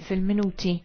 fil-minuti.